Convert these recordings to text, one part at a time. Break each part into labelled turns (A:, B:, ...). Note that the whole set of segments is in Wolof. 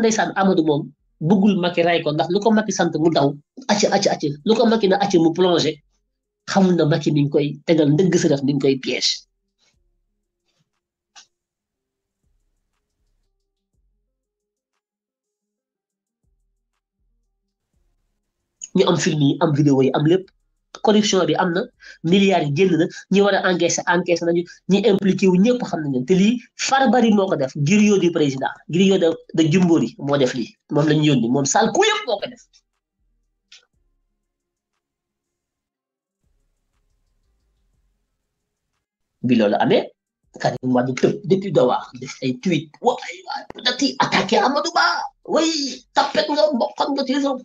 A: ndeysaan Amadou moom bëggul Macky ray ko ndax lu ko Macky sant mu daw acc acc acc lu ko Macky mu plongé xamul na Macky mi koy tegal ndëgg sa def mi ngi koy piège ñu am film yi am vidéo yi am lépp corruption bi am na milliards yi génn na ñi war a encaissé encaissé nañu ñi impliqué wu ñëpp xam nañu te far bari moo ko def griot du président griot de de Djimbori moo def lii moom lañu yoon yónni moom sal ku yëpp moo ko def. bi loolu amee Karim Wade tëb depuis Dowa def ay tweet wa ay waay attaqué Amadou Ba way tapet nga mboqoon nga ci réseau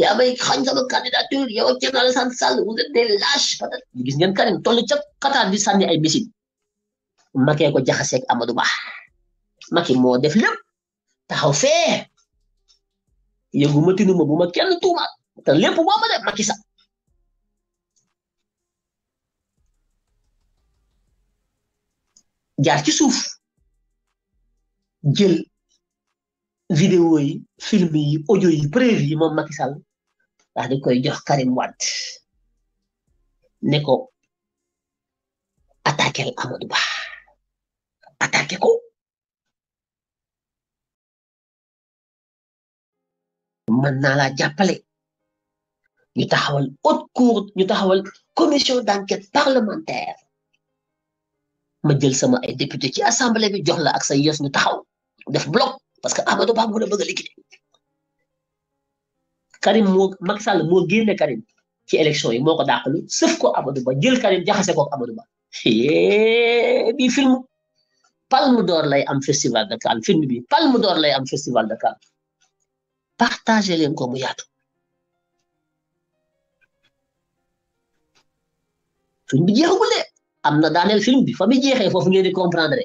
A: yaa may xañ sama candidature yow ak Thierno Alassane Sall vous êtes des lâches peut être gis ngeen Karim toll ca Qatar di sànni ay missiles Macky ko jaxaseeg Amadou Ba Macky moo def lépp taxaw fee yëgu ma tinu ma bu kenn tuumaat te lépp moo ma def sax jaar ci suuf jël. video yi film yi audio yi preuve yi moom Macky Sall daal di koy jox Karim Wade ne ko attaqué Amadou Ba attaqué ko mën naa laa jàppale ñu taxawal haute cour ñu taxawal commission d'enquête parlementaire ma jël sama ay député ci assemblée bi jox la ak sa yos ñu taxaw def bloc parce que Amadou Ba moo la bëgg a liquider Karim moo Macky Sall moo génne Karim ci élection yi moo ko dàqalu sëf ko Amadou Ba jël kari jaxase ko Amadou Ba bii film Palme d'Or lay am festival de Cannes film bi Palme d'Or lay am festival de Cannes partagé leen ko mu yaatu film bi jeexagul de am na daaneel film bi fa mu jeexee foofu ngeen di comprendre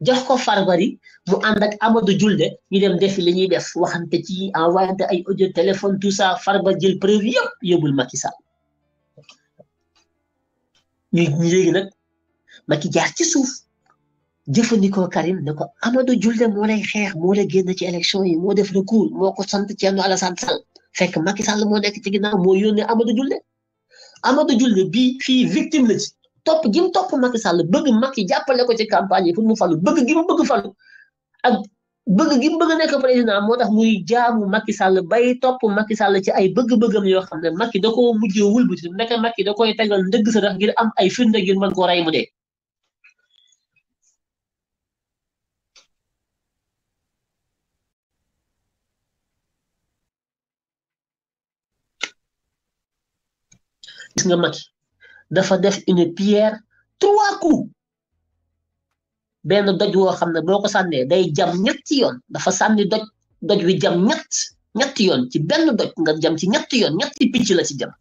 A: jox ko Farbari mu ànd ak Amadou Julde ñu dem defi li ñuy def waxante ci envoyante ay audio téléphone tout far Farba jël preuve yëpp yóbbul Macky Sall ñu léegi nag Macky jaar ci suuf jëfandikoo Karim ne ko Amadou Julde moo lay xeex moo lay génn ci élection yi moo def recours moo ko sant Thierno Alassane Sall fekk Macky Sall moo nekk ci ginnaaw moo yónnee Amadou Julde Amadou Julde bii fii victime la ci. top jim top Macky Sall bëgg Macky jappalé ko ci campagne pour mu fallu bëgg gi mu bëgg fallu ak bëgg gi mu bëgg nekk président motax muy jaamu Macky Sall bay top Macky Sall ci ay bëgg-bëggam yo xamné Macky da ko mujjé wul bu ci nekk Macky da koy tégal ndëgg sa tax ngir am ay firnde ngir man ko ray mu dé gis nga Macky dafa def une pierre trois coups benn doj woo xam ne boo ko sànnee day jam ñetti yoon dafa sànni doj doj wi jam ñett ñetti yoon ci benn doj nga jam ci ñetti yoon ñetti picc la ci jam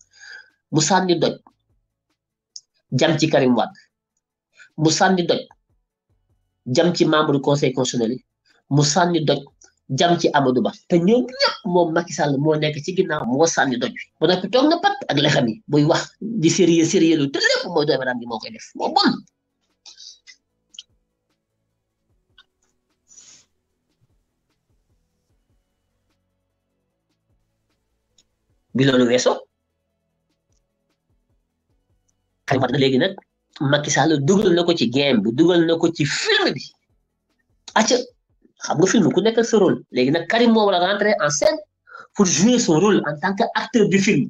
A: mu sànni doj jam ci Karim mu sànni doj jam ci membre du conseil constitutionnel mu sànni doj jam ci Amadou Ba te ñoom ñëpp moom Macky moo nekk ci ginnaaw moo sànni doj bi ba noppi toog na pat ak lexam yi buy wax di sérieux sérieux lu te moo koy def moo bon bi loolu weesoo xayma na léegi nag Macky Sall dugal na ko ci game bi dugal na ko ci film bi acca xam nga film ku nekk sa rôle léegi nag Karim moo war a rentrer en scène pour jouer son rôle en tant que acteur du film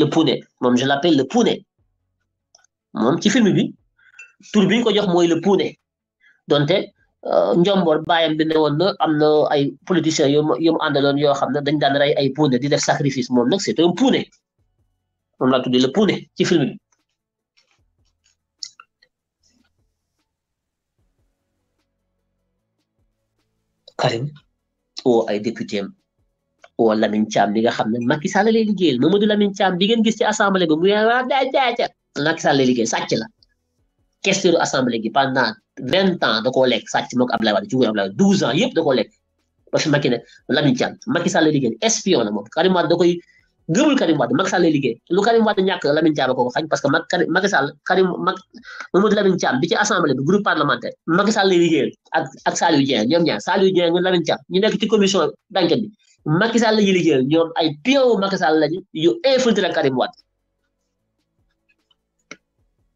A: le poney, moom je l' appelle le poney. moom ci film bi tur bi ñu ko jox mooy le poney. donte euh, njomboor bàyyam bi ne woon na am na ay politiciens yu mu yu mu àndaloon yoo xam ne dañ daan rey ay Pouné di def sacrifice moom nag c' est un Pouné moom laa tuddee le Pouné ci film bi. Karim oo ay député am oo Lamine Thiam mi nga xam ne Macky Sall lay liggéeyal Mamadou Lamine Thiam bi ngeen gis ci assemblée bi mu ne ah jaajaaja Macky Sall lay liggéeyal sàcc la question assemblée gi pendant vingt ans da koo lekk sàcc moog Abdoulaye Wade yëpp da koo lekk parce que Macky ne Lamine Thiam Macky Sall lay espion la moom Karim Wade da koy. gëmul Karim Wade mak Sall lay liggéey lu Karim Wade ñàkk Lamine Thiam ko ko xañ parce que mak Sall Karim Mamadou Lamine Thiam bi ci assemblée bi groupe parlementaire mak Sall lay ak ak Saliou Dieng ñom ñaar Saliou Dieng ak Lamine Thiam ñu nekk ci commission d'enquête bi mak Sall lañuy liggéeyal ñom ay pion mak Sall lañ yu infiltrer Karim Wade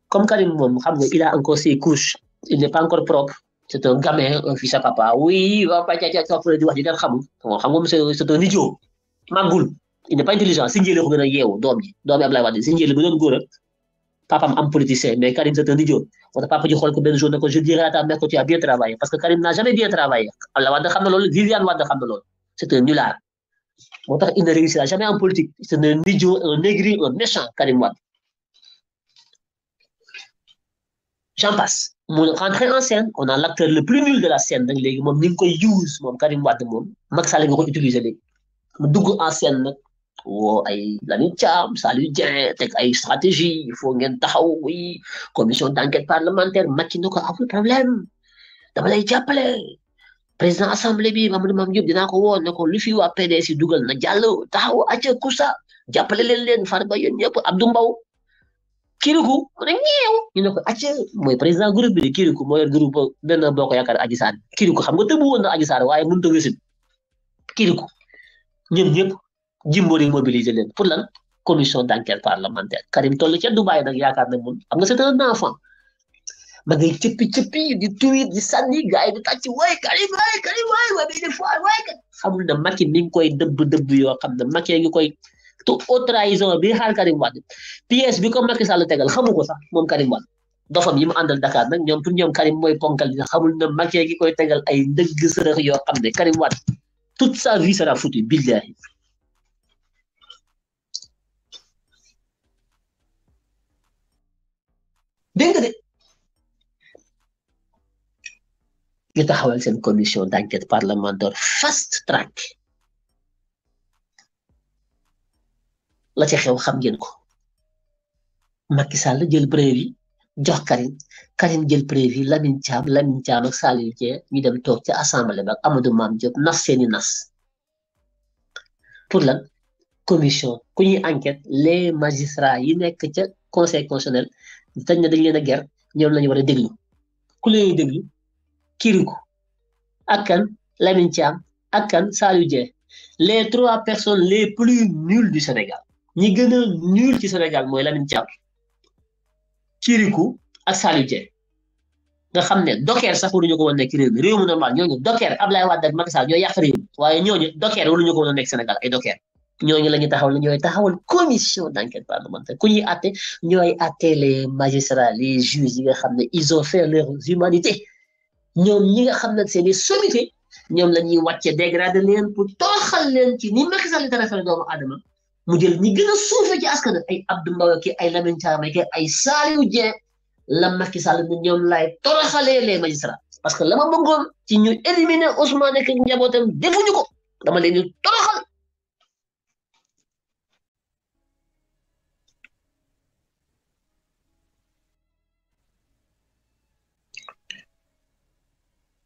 A: comme Karim mom xam nga il a encore ses couches il n'est pas encore propre c'est un gamin eh, un fils à papa oui papa tia tia di wax di dara xamul xam nga c'est un idiot il n'est pas intelligent si le ko gën a yeewu doom ji doomi Abdoulaye Wade si le bu doon góor ak am politicien mais Karim c'est un idiot moo papa ji xol ko ben jour ne ko je dirai à ta mère que tu as bien travaillé parce que Karim n'a jamais bien travaillé Abdoulaye Wade xamna na loolu Viviane Wade xamna na c'est un nulard motax il ne réussira jamais en politique c'est un idiot un aigri un méchant Karim Wade j'en passe mon rentrer en scène on a l'acteur le plus nul de la scène nag léegi moom ni koy use mom Karim Wade mom mak Sall nga ko utiliser léegi mu dugg en scène nak هو اي لامين تشام سالو ديان تك اي استراتيجي فو ngeen taxaw oui commission d'enquête parlementaire Macky nako amul problème dama lay jappalé président assemblée bi mamadou mam diop dina ko won nako lu fi wa PDS dugal na jallo taxaw acca kusa jappalé len len farba yeen ñep abdou mbaw kiriku rek ñew ñu nako acca moy président groupe bi kiriku moy groupe ben boko yakar aji sar kiriku xam nga tebu won aji sar waye mën ta kiriku jimboori mobilisé leen pour lan commission d'enquête parlementaire Karim toll ca Dubaï nag yaakaar na moom xam nga c'est un enfant ma ngay cëppi gi di tuit di sànni gars yi di tàcc waay Karim waay ngi koy dëbb dëbb yoo xam ne Macky ngi koy te haute trahison bi xaar Karim Wade pièce bi ko Macky Sall tegal xamu ko sax moom Karim Wade dofam yi mu àndal Dakar nag ñoom pour ñoom Karim mooy ponkal bi xamul ne Macky ngi koy tegal ay ndëgg sërëx yoo xam ne Karim Wade toute sa vie sera foutue billahi dégg nga de ñu taxawal seen commission d'enquête parlementaire fast track la ci xew xam ngeen ko Macky Sall jël preuve yi jox Karim Karim jël preuve yi Lamine Thiam Lamine Thiam ak Saliou Dieng ñu dem toog ca assemblée ba ak Amadou Mame Diop nas seeni nas pour la commission ku ñuy enquête les magistrats yi nekk ca conseil constitutionnel dañ ne dañ leen a ger ñoom lañu war a déglu ku leen déglu Kirikou ak kan Lamine Thiam ak kan Saliou les trois personnes les plus nulles du Sénégal ñi gën a nul ci Sénégal mooy Lamine Thiam Kirikou ak Saliou Dieng nga xam ne docker sax waruñu ko woon nekk réew mi réew mu normal ñooñu docker Ablaye Wade ak Macky ñoo yàq réew mi waaye ñooñu docker waruñu ko woon nekk Sénégal ay docker ñooñu ñu taxawal ñooy taxawal commission d' enquête parlementaire ku ñuy atte ñooy atte les magistrats les juges yi nga xam ne ils ont fait leur humanité ñoom ñi nga xam ne seen i sommité ñoom la ñuy wàcce dégradé leen pour tooxal leen ci ni Macky Sall di traité doomu aadama mu jël ñi gën a suufee ci askan ay Abdou Mbaw ki ay Lamine Thiam ki ay Saliou Dieng la Macky Sall ñoom laay toroxalee les magistrats parce que la ma bëggoon ci ñu éliminer Ousmane ak njabootam defuñu ko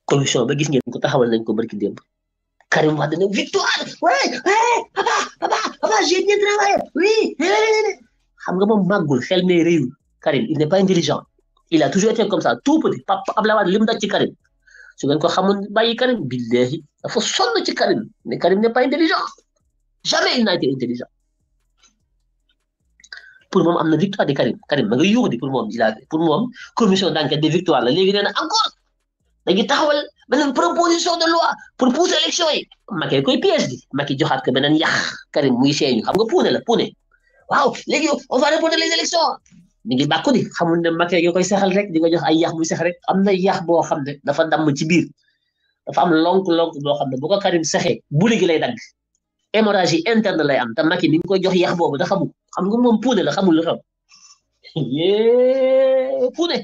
A: commission ba gis ngeen Karim victoire papa papa j'ai bien travaillé oui Karim il n'est pas intelligent il a toujours été comme ça tout petit papa ci Karim n'est pas intelligent jamais il n'a été intelligent pour victoire de Karim Karim pour il a pour commission d'enquête de la encore dañuy taxawal beneen proposition de loi pour pousser élection yi Macky koy piège bi Macky joxaat ko beneen yàq Karim muy seeñu xam nga puune la puune waaw léegi on va reporter les élections mi ngi bàkku di xamul ne Macky nga koy saxal rek di nga jox ay yàq muy sax rek am na yàq boo xam ne dafa damm ci biir dafa am lonk-lonk boo xam ne bu ko Karim saxee buli gi lay dagg hémorragie interne lay am te Macky mi ngi koy jox yax boobu da xamul xam nga moom puune la xamul lu xew yee puune.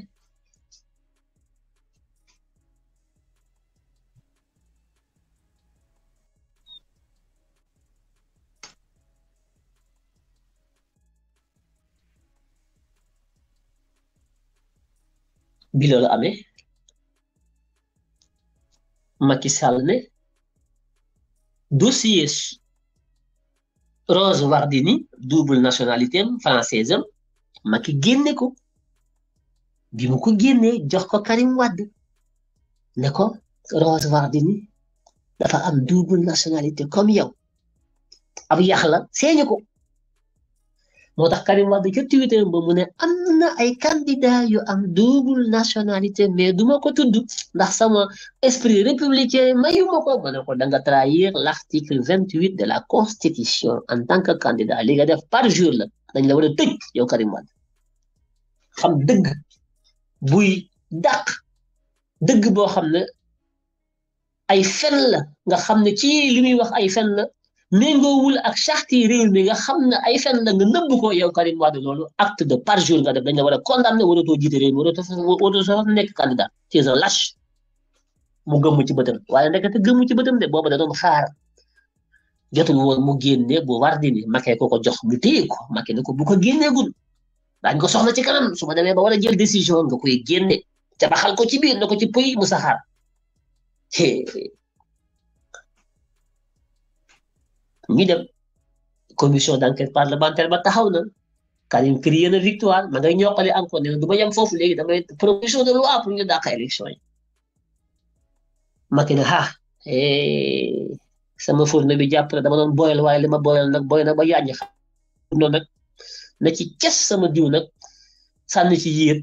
A: bi loolu amee Macky Sall ne dossier Rose Wardini double nationalité française am Macky génne ko bi mu ko génnee jox ko Karim Wade ne ko Rose Wardini dafa am double nationalité comme yow ab yàq la ko. moo tax Karim Wade ca tweet ba mu ne am na ay candidat yu am double nationalité mais du ma ko tudd ndax sama esprit républicain mayu ma ko ma ne ko da nga trahir l'article vingt-huit de la constitution en tant que candidat li nga def parjure la dañ la war a tëj yow Karim Wade xam dëgg buy dàq dëgg boo xam ne ay fen la nga xam ne ci li muy wax ay fen la méngoowul ak chaque yi réew mi nga xam ne ay fen la nga nëbb ko yow Karim Wade loolu acte de parjure nga def dañ la war a condamné waratoo jiite réew mi waratoo waratoo sax nekk candidat c'est un lâche mu ci bëtam waaye ndekete gëmmu ci bëtam de booba da doon xaar jotul woon mu génne bu war di ni makee ko ko jox mu téye ko makee ne ko bu ko génneegul daañ ko soxla ci kanam su ma demee ba war a jël décision nga koy génne jabaxal ko ci biir ne ko ci pëy mu saxaar ñu dem commission d'enquête parlementaire ba taxaw na Karim crié eh, na victoire ma ngay ñoqale encore ne du ma yem foofu léegi damay proposition de loi pour ñu dàq élection yi Macky ne ah sama fourne bi jàpp dama doon boyal waaye li ma boyal nag boy na ba yàññi xam nag na ci kes sama diw nag sànni ci yéet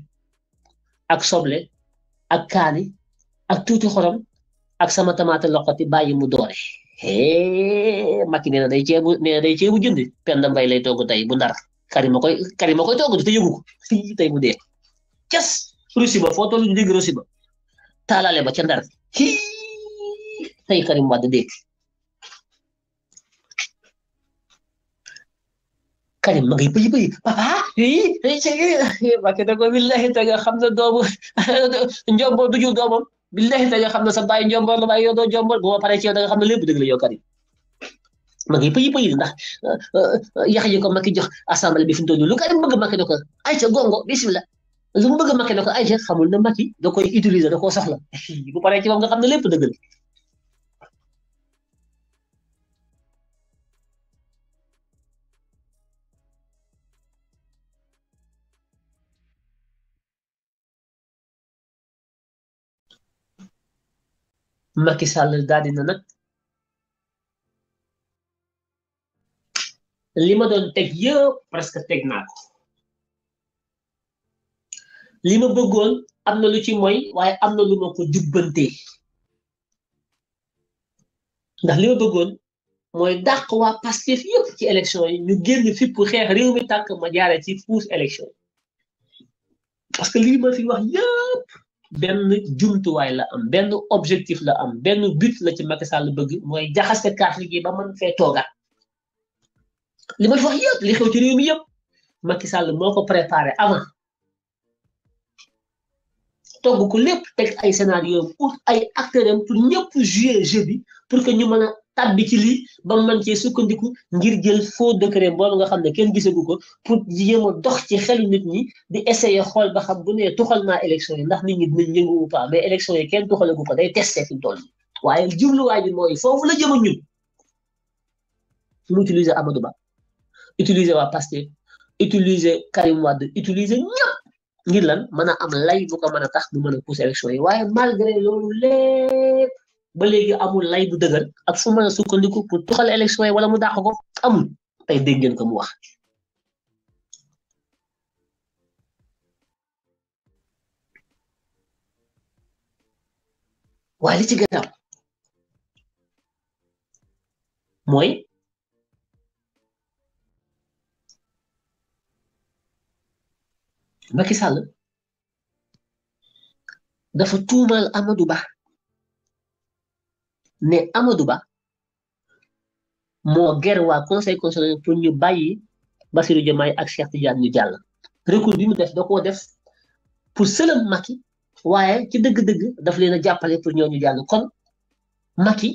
A: ak soble ak kaani ak tuuti xorom ak sama tamaate loxoti bàyyi mu doore he Macky nee na day ceebu nee na day ceebu jënd Penda Mbaye lay togg tey bu ndar Karima koy Karima koy togg te yëgu ko tey mu dee cas Russie ba foo toll ñu dégg Russie ba taalaale ba ca ndar hii tey Karim Wade dee Karim ma ngay bëy bëy papa hii hii Macky da ko billahi da nga xam ne doomu njombo du jur doomam Bila dia tanya kamu sampai jombor, sampai jombor, jombor, gua pada cerita kamu lebih dengan dia kali. Bagi pergi pergi dah. Eh, eh, eh, ya kerja kau makin jauh asal malam bifun dulu. Kau yang bagaimana kau? Aisyah gonggo Bismillah. Lalu bagaimana kau? Aisyah kamu nak mati? Kau itu liza kau sahla. Ibu pada cerita kamu lebih dengan dia. Macky Sall daal dina nag li ma doon teg yëpp presque teg naa ko li ma bëggoon am na lu ci mooy waaye am na lu ma ko jubbante ndax li bëggoon mooy daq waa Pastef yëpp ci élection yi ñu génn fipp xeex réew mi tànk ma jaare ci fuus élection yi parce fi wax yëpp benn jumtuwaay la am benn objectif la am benn but la ci Macky Sall bëgg mooy jaxase carte gi ba mën fee toogaat li ma fi wax yëpp li xew ci réew mi yëpp Macky Sall moo ko préparé avant togg ko lépp teg ay scénario pour ay acteurs pour ñëpp jouer jeu pour que ñu mën tàbbi ci li ba man ci sukkandiku ngir jël faux décret boobu nga xam kenn gisagu ko pour jéem dox ci xelu nit ñi di essayer xol ba xam bu nee tuxal na élection yi ndax nit ñi dinañ yëngu ou pas mais élection yi kenn tuxalagu ko day tester fi mu waye nii waaye moy fofu la jëm a ñun mu utiliser Amadou Ba utiliser wa pasteur utiliser Karim Wade utiliser ñep ngir lan mëna am lay bu ko mëna tax bu mëna a élection yi waye malgré lolu lépp. ba léegi amul lay bu dëgër ak fu mën a sukkandiku pour tuxal élection yi wala mu dàq ko amul tey dégg ngeen ko mu wax waaye li ci gannaaw mooy Macky Sall dafa tuumal Amadou Ba ne Amadou Ba moo ger waa conseil constitutionnel pour ñu bàyyi Bassirou Diomaye ak Cheikh Tidiane ñu jàll recours bi mu def da koo def pour sëlam Macky waaye ci dëgg-dëgg daf leen a jàppale pour ñoo ñu jàll kon Macky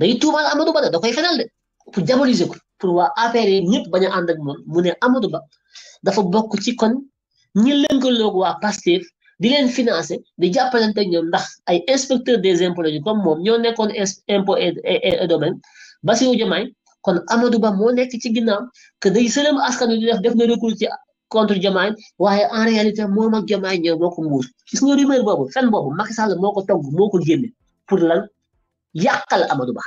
A: day tuumaal Amadou Ba da koy fenal de pour diaboliser pour waa APR yi ñëpp bañ a ànd moom mu ne Amadou Ba dafa bokk ci kon ñi lënkaloo ak waa Pastef di leen financé di jàppalante ak ndax ay inspecteur des impôts lañu comme moom ñoo nekkoon impôt et domaine Bassirou Diomaye kon Amadou Ba moo nekk ci ginnaaw que day sëlëm askan wi di def def na recours ci contre Diomaye waaye en réalité moom ak Diomaye ñoo bokk nguur si nga rumeur boobu fen boobu Macky Sall moo ko togg moo ko génne pour lan yàqal Amadou Ba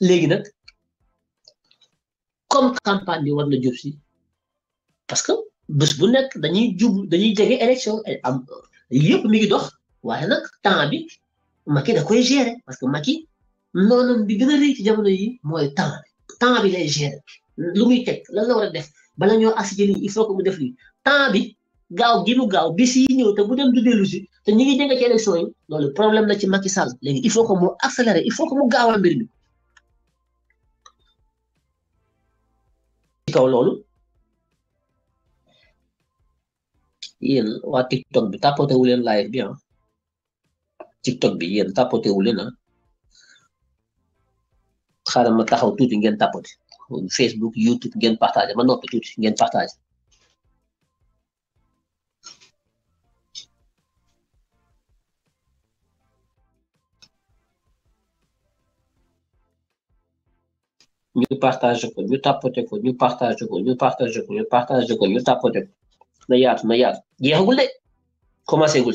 A: léegi nag comme campagne bi war na jub si parce que bés bu nekk dañuy jub dañuy jege élection am yëpp mi dox waaye nag temps bi Macky da koy gérer parce que Macky noonam bi gën a rëy ci jamono yi mooy temps temps bi lay gérer lu muy teg lan la war def bala ñoo agsi lii il faut que mu def lii temps bi gaaw gi mu gaaw bis yi ñëw te bu dem du dellu si te ñu ngi jege ci élection yi loolu problème la ci Macky Sall léegi il faut que mu accélérer il faut que mu gaawal mbir mi. kaw loolu yéen waa TikTok bi tapoté wu leen live bi ah TikTok bi yéen tapoté wu leen ah xaaral ma taxaw tuuti ngeen tapoté Facebook YouTube ngeen partagé ma noppi tuuti ngeen partagé. ñu partageons, ko ñu tapoté ko ñu partageons, ko ñu nous ko ñu Nayat, ko ñu tapoté ko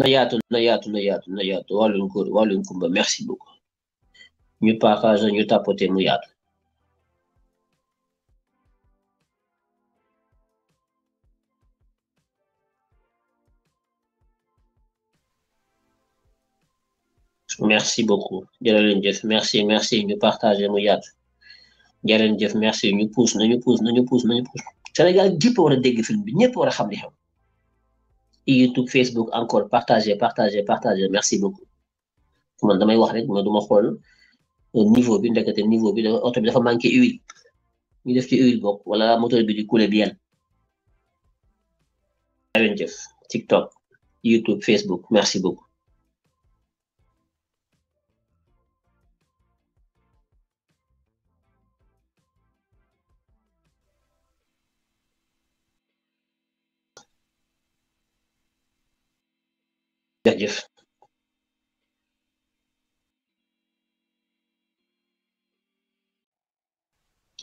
A: na yaatu na yaatu jeexagul na merci beaucoup Nous partageons, nous tapoté mu merci beaucoup merci merci nous merci film YouTube Facebook encore partagez, partagez, partagez. merci beaucoup man damay euh, niveau bi niveau bi dafa TikTok YouTube Facebook merci beaucoup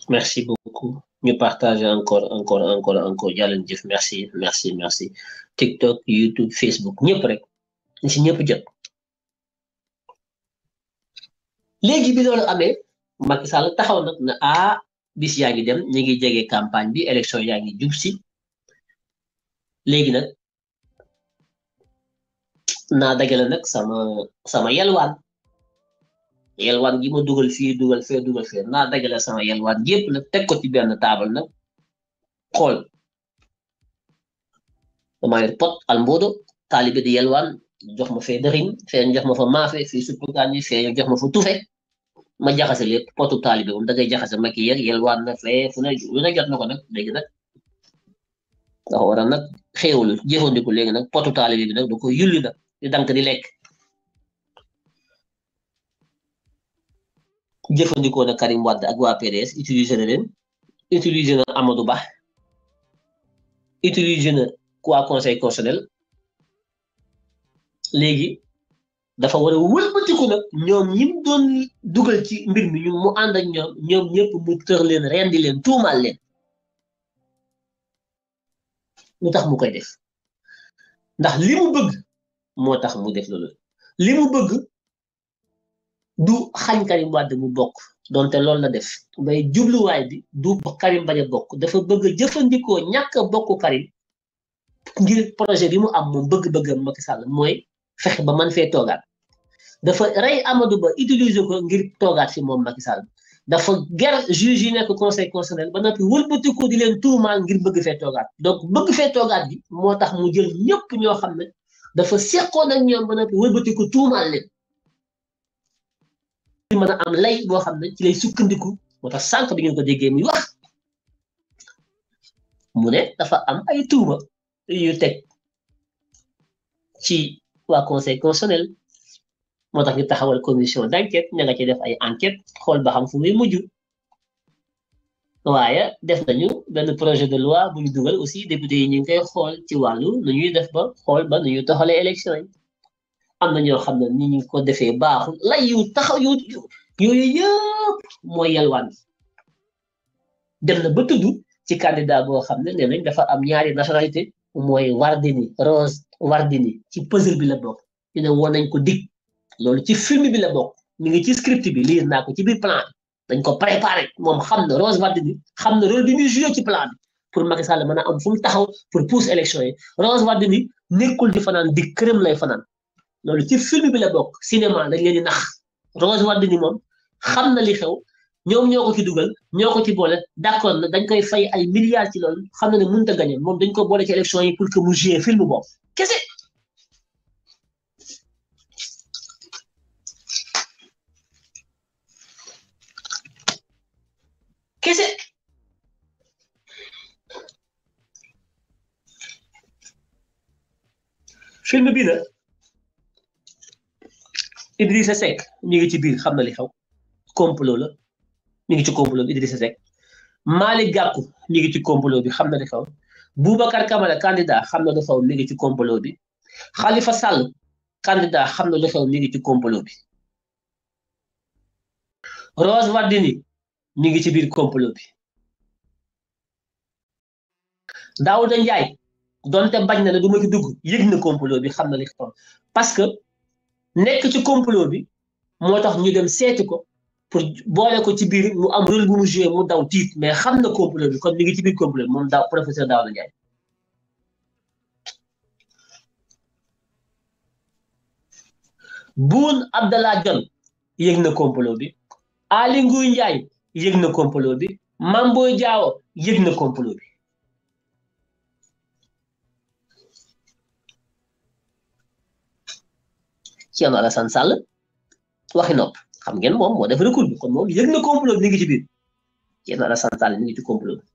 A: Merci beaucoup. Nous partageons encore, encore, encore, encore. merci, merci, merci. TikTok, YouTube, Facebook, campagne dajale nag sama sama yelwaan yelwaan gi ma dugal fii dugal fee naa dajale sama yelwaan yépp nag teg ko ci benn taabal nag xool dama yor pot almboodo taalibe di yelwaan jox ma fe dëriñ fee jox ma fa maafe fii suppukaani fee jox ma fa tufe ma jaxase lépp potu taalibe moom da ngay jaxase ma kii yelwaan na fee fu ne jot na ko nag léegi nag ndax waral nag xéewul jëfandiku léegi nag potu taalibe bi nag da ko yulli nag di dank di lekk jëfandikoo Karim Wade ak waa PDS utiliser na leen utiliser na Amadou Ba utiliser na waa conseil constitutionnel léegi dafa war a wëlbatiku nag ñoom ñi doon dugal ci mbir mi ñu mu ànd ak ñoom ñoom ñëpp mu tër leen rendi leen tuumaal leen tax mu koy def ndax li bëgg. moo tax mu def loolu li mu bëgg du xañ Karim Wade mu bokk donte loolu la def bay jubluwaay bi du Karim bañ a bokk dafa bëgg jëfandikoo ñàkk a bokk Karim ngir projet bi mu am moom bëgg-bëggam Macky Sall mooy fexe ba man fee toogaat dafa rey Amadou Ba utiliser ko ngir toogaat fi moom Macky Sall dafa ger juge yi nekk conseil constitutionnel ba noppi wëlbatiku di leen tuumaal ngir bëgg fee toogaat donc bëgg fee toogaat bi moo tax mu jël ñëpp ñoo xam ne dafa seqoon ak ñoom ba noppi wëlbatiku tuumaal leen ci mën a am lay boo xam ne ci lay sukkandiku moo tax sànq bi ngeen ko déggee muy wax mu ne dafa am ay tuuma yu teg ci waa conseil constitutionnel moo tax ñu taxawal commission d'enquête ña nga ci def ay enquête xool ba xam fu muy mujj waaye def nañu benn projet de loi bu ñu dugal aussi député yi ñu ngi koy xool ci wàllu nu ñuy def ba xool ba nu ñuy toxalee élection yi am na ñoo xam ne ni ñu ko defee baaxul lay yu taxaw yu yooyu yëpp mooy yalwaan dem na ba tudd ci candidat boo xam ne nee dafa am ñaari nationalité mooy Wardini Rose Wardini ci puzzle bi la bokk ñu ne woon nañ ko dig loolu ci film bi la bokk mi ngi ci script bi liir naa ko ci biir plan dañ ko préparé moom xam na Rose Wardini xam na rôle bi muy joué ci plan bi pour Macky Sall mën a am fu mu taxaw pour pousse élection yi Rose Wardini nekkul di fanaan di kërëm lay fanaan loolu ci film bi la bokk cinéma dañ leen di nax Rose Wardini moom xam na li xew ñoom ñoo ko ci dugal ñoo ko ci boole d' accord na dañ koy fay ay milliards ci loolu xam na ne mënut gagné moom dañ ko boole ci élection yi pour que mu joué film boobu kese. ¿Qué se...? film bii nag Idrissa mi ngi ci biir xam na li xew complot la mi ngi ci complot bi Idrissa Seck Malick mi ngi ci complot bi xam na li xew Boubacar Camara candidat xam na li xew mi ngi ci complot bi Khalifa Sall candidat xam na li xew mi ngi ci complot bi Rose Wardini ñu ngi ci biir complot bi da njaay donte bañ na ne du ma ci dugg yëg na complot bi xam na li xam parce que nekk ci complot bi moo tax ñu dem seeti ko pour boole ko ci biir mu am rôle bu mu joué mu daw tiit mais xam na complot bi kon mi ngi ci biir complot bi moom daaw professeur Daouda Ndiaye Boun Abdallah Dionne yëg na complot bi Aly Ngouille Ndiaye yëg na complot bi Mame Boye Diao yëg na complot bi Thierno Alassane Sall waxi nopp xam ngeen moom moo def recours bi kon moom yëg na complot bi ni ngi ci biir Thierno Alassane Sall ni ngi ci complot bi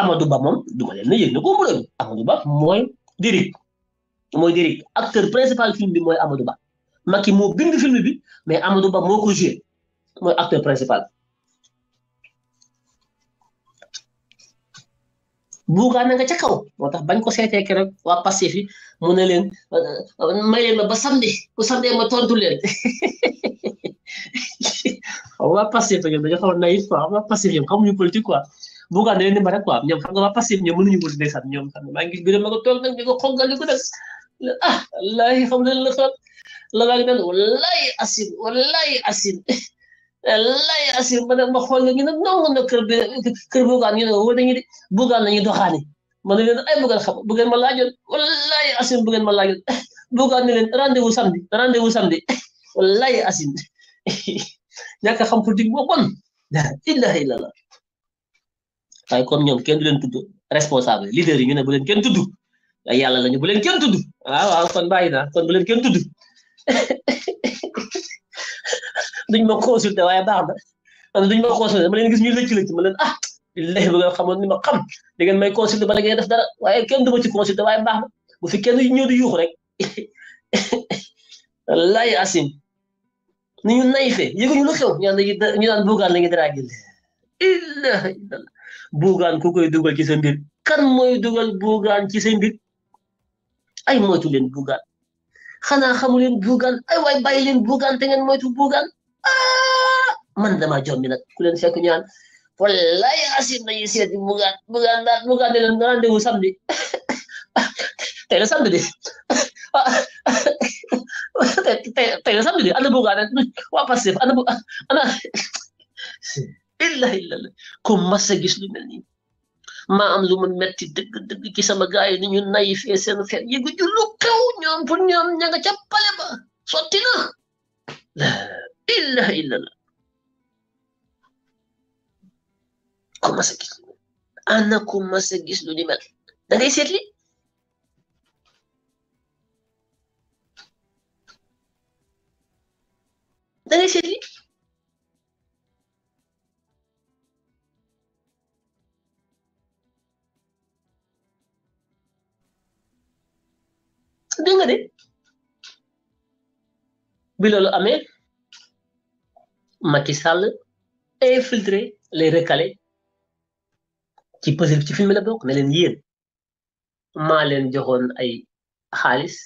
A: Amadou Ba moom duma leen na yëg na complot bi Amadou Ba mooy dirig mooy dirig acteur principal film bi mooy Amadou Ba Macky moo bind film bi mais Amadou Ba moo ko joué mooy acteur principal buugaa na nga ca kaw moo tax bañ ko seetee rek waa Pastef yi mu ne leen may leen ma ba samedi ku samedi ma tontu leen xaw ma waa Pastef ñoom dañoo xaw a naïf quoi waa Pastef ñoom xamuñu politique quoi buugaa da leen di mën a quoi ñoom maa ngi gis gërëm ma ko toog nag ko xongal li ko des ah wallaahi xam nga la la la maa ngi doon wallaahi asin wallaahi lay ya ma ma xool nga ñu ne non na kër bi kër udah ñu bukan wóor nañu de bugaan lañu doxaani ma ne eh, bukan ay bugaan xam bu ngeen ma laajoon wallaay ya, asir bu ngeen ma laajoon eh, bugaan ne leen rendez vous samedi rendez vous samedi ya, ya, wallaay asir ñàkk xam politique boo bon illah illallah waaye responsable leader yi ñu ne bu leen kenn tudd yàlla lañu bu kon bàyyi kon duñ ma consulter waaye baax na parce que duñ ma consulter dama leen gis ñuy lëcc lëcc ma leen ah billahi bu nga ni ma xam da ngeen may consulter ba la ngeen def dara waaye kenn du ma ci consulter waaye baax na bu fi kenn ñëw di yuuxu rek wallahi asim ni ñu nay fe yëguñu lu xew ñu naan dañuy ñu naan buugaan la ñu dragué illah illallah ku koy dugal ci sa mbir kan mooy dugal buugaan ci sa mbir ay moytu leen buugaan xanaa xamu leen buugaan ay waay bàyyi leen buugaan te ngeen moytu buugaan Ah, man dama jombi nag ku leen fekk ñaan wallahi asim nañuy seeti bugaan bugaan bugat bugaan leen rendez-vous di tey la samedi de tey la sam de ana bugat rek passif ana bu ana illa illah ku masa gis lu melni ma am lu man metti deug deug ki sama gaay ni ñu nayi e sen fet yëgu ya, ju lu kaw ñom pour ñom ñanga ca pale ba ilaha illallah ku mas a gis lu ana ku gis lu ni mel da ngay seetli da de bi loolu Macky Sall infiltrer les recalés ci pésir ci film la bokk ne leen yéen maa leen joxoon ay xaalis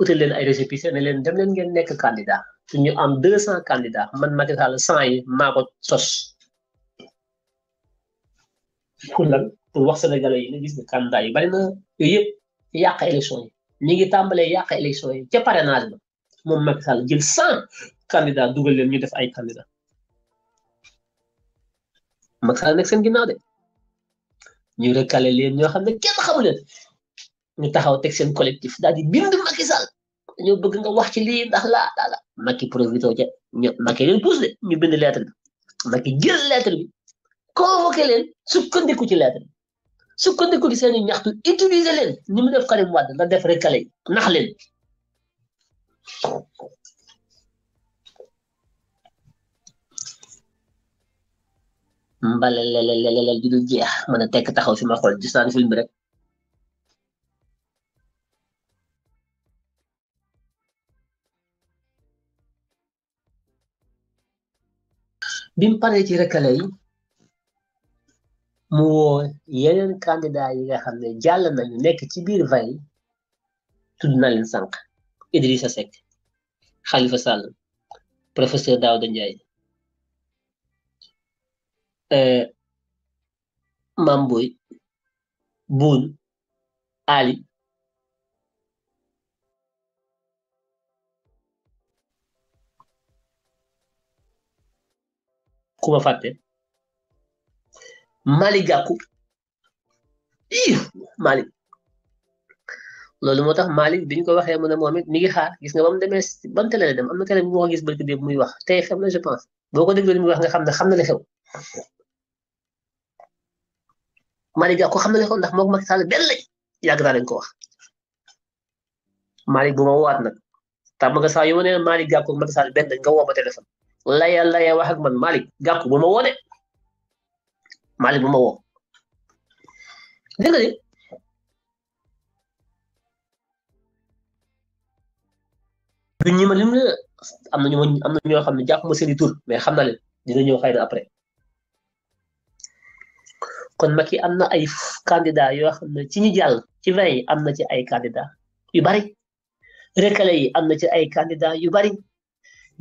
A: utal leen ay récépissé ne leen dem leen ngeen nekk candidat ñu am deux cent candidats man Macky Sall cent yi maako sos pour lan pour wax sénégalais yi nga gis ne candidat yi na yooyu yëpp yàq élection yi ñu ngi tàmbalee yàq élection yi ca parrainage ba moom Macky Sall jël candidat dugal leen ñu def ay candidat Macky Sall nekk seen ginnaaw de ñu recalé leen ñoo xam ne kenn xamu leen ñu taxaw teg seen collectif daal di bind Macky Sall dañoo bëgg nga wax ci lii ndax laa laa la Macky profité ca ño Macky leen pousse de ñu bind lettre bi Macky jël lettre bi leen sukkandiku ci lettre bi sukkandiku ci seen i ñaxtu utiliser leen ni mu def Karim Wade la def recalé yi nax leen mbala lelelelelel ju dul jeex mën a tekk taxaw fi ma xool gis naan film bi rek bi mu paree ci rëkkale yi mu woo yeneen candidat yi nga xam ne jàll nañu nekk ci biir vay tudd na leen sànq a Seck Khalifa Sall professeur da Ndiaye E, Mamboy Buun Ali ku ma fàtte Mali Gaku iiw Mali loolu moo tax Mali bi ñu ko waxee mu ne moom it mi ngi xaar gis nga ba mu demee ban télé la dem am na télé bu ma gis barki démb muy wax TFM la je pense boo ko déglu muy wax nga xam ne xam na la xew Malick Gakou xam na ne ko ndax moom Macky Sall benn lañ yàgg naa leen ko wax Malick bu ma woowaat nag tax ma nga saa yu ma nee Malick Gakou Macky Sall benn nga woo ma téléphone laya laya wax man Malick Gakou bu ma woo de Malick bu ma woo dégg nga du ñi ma lim am na ñu am na ñoo xam ne jàpp ma seeni tur mais xam na leen dina ñëw xëy na après kon Macky am na ay kandidaa yoo xam ne ci ñi jàll ci vingt yi am na ci ay candidat yu bari récalé yi am na ci ay candidat yu bari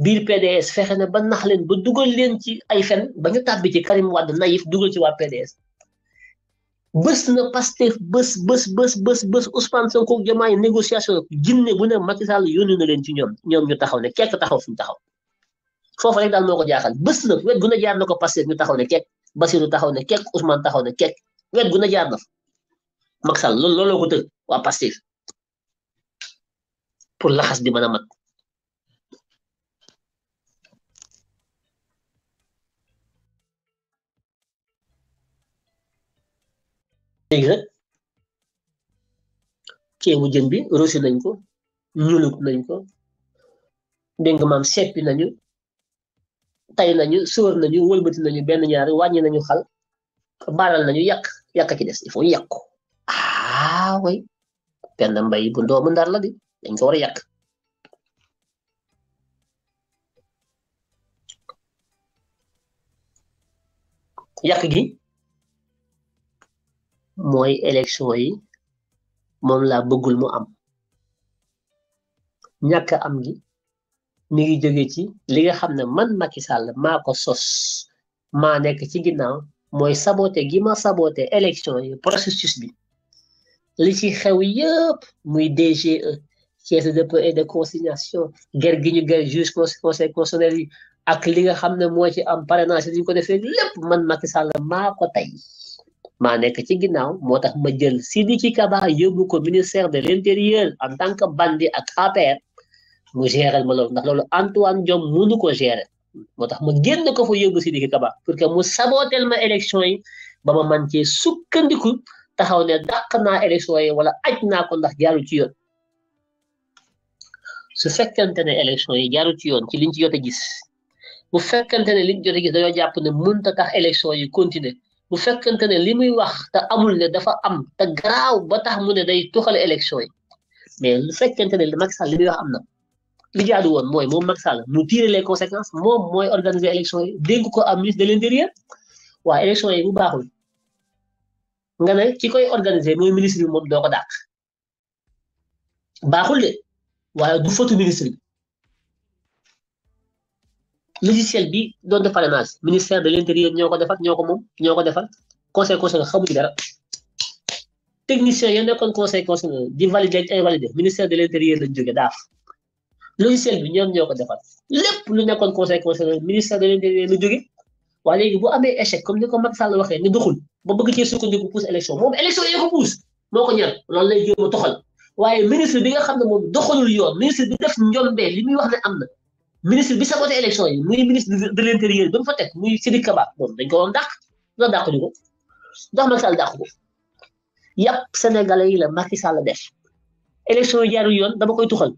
A: biir PDS fexe na ba nax leen ba dugal leen ci ay fen ba ñu tàbbi ci Karim Wade naïf dugal ci waa PDS bés na Pastef bés bés bés bés bés Ousmane Sonko Diomaye négociation jinne bu ne Macky Sall yónni ne leen ci ñoom ñoom ñu taxaw ne kekk taxaw fu ñu taxaw foofu rek daal moo ko jaaxal bés na wet gu ne jaar na ko Pastef ñu taxaw ne kekk basiru taxaw ne kek Ousmane taxaw ne kek wet gu na jaar na fa Macky Sall ko tëg wa Pastef pour la bi di mana mat léegi nag wu bi rosi nañ ko ñulut nañ ko deng nga maam seppi tey nañu sóor nañu walbati nañu benn ñaar wàññi nañu xal baral nañu yàq yàq ci des il faut yàq ko ah way benn mbay bu ndoomu ndar la di dañ ko war a yàq yàq gi mooy élection yi moom laa bëggul mu am ñàkk am gi mi ngi jóge ci li nga xam ne man Macky Sall maa ko sos maa nekk ci ginnaaw mooy saboté gi ma saboté élection yi processus bi li ci xew yëpp muy DGE caisse de dépôt et de consignation ger gi ñu ger juge conseil constitutionnel yi ak li nga xam ne moo ci am parrainage li ñu ko defee lépp man Macky Sall maa ko tey maa nekk ci ginnaaw moo tax ma jël ci Kaba yóbbu ko ministère de l' intérieur en tant que bandi ak APR mu gérer ma loolu ndax loolu Antoine Diome mënu ko gérer moo tax ma génn ko fa si diki Kaba pour que mu saboteel ma élection yi ba ma man cee sukkandiku taxaw ne dàq naa élection yi wala aj naa ndax jaaru ci yoon su fekkente ne élection yi jaaru ci yoon ci liñ ci jot a gis bu fekkente ne liñ jot a gis dañoo jàpp ne mënut a yi continuer bu fekkente ne li muy wax te amul ne dafa am te garaaw ba tax mu ne day toxal élection yi mais lu fekkente ne Macky Sall li muy wax am na li jaadu woon mooy moom Macky Sall mu tirer les conséquences moom mooy organiser élection yi dégg ko am ministre de l'intérieur waaye élection yi bu baaxul nga ne ki koy organiser mooy ministre bi moom doo ko dàq baaxul de waaye du fautu ministre bi logiciel bi doon de parrainage ministère de l'intérieur ñoo ko defar ñoo ko moom ñoo ko defar conseil conseil xamuñu dara technicien ya nekkoon conseil conseil di valider ak invalider ministère de l'intérieur lañ jóge daaf logiciel bi ñoom ñoo ko defar lépp lu nekkoon conseil conseil ministère de l'intérieur lu jóge waa léegi bu amee échec comme ni ko Macky Sall waxee ni doxul ba bëgg cee sukkandiku pousse élection moom élection yee ko pousse moo ko ñor loolu lay jéem a toxal waaye ministre bi nga xam ne moom doxalul yoon ministre bi def njombee li muy wax ne am na ministre bi saboté élection yi muy ministre de l'intérieur ba mu fa teg muy Sidiki Kaba moom dañ ko doon dàq ndax dàq ñu ko ndax Macky Sall dàq ko yàpp sénégalais yi la Macky Sall def élection yi jaarul yoon dama koy tuxal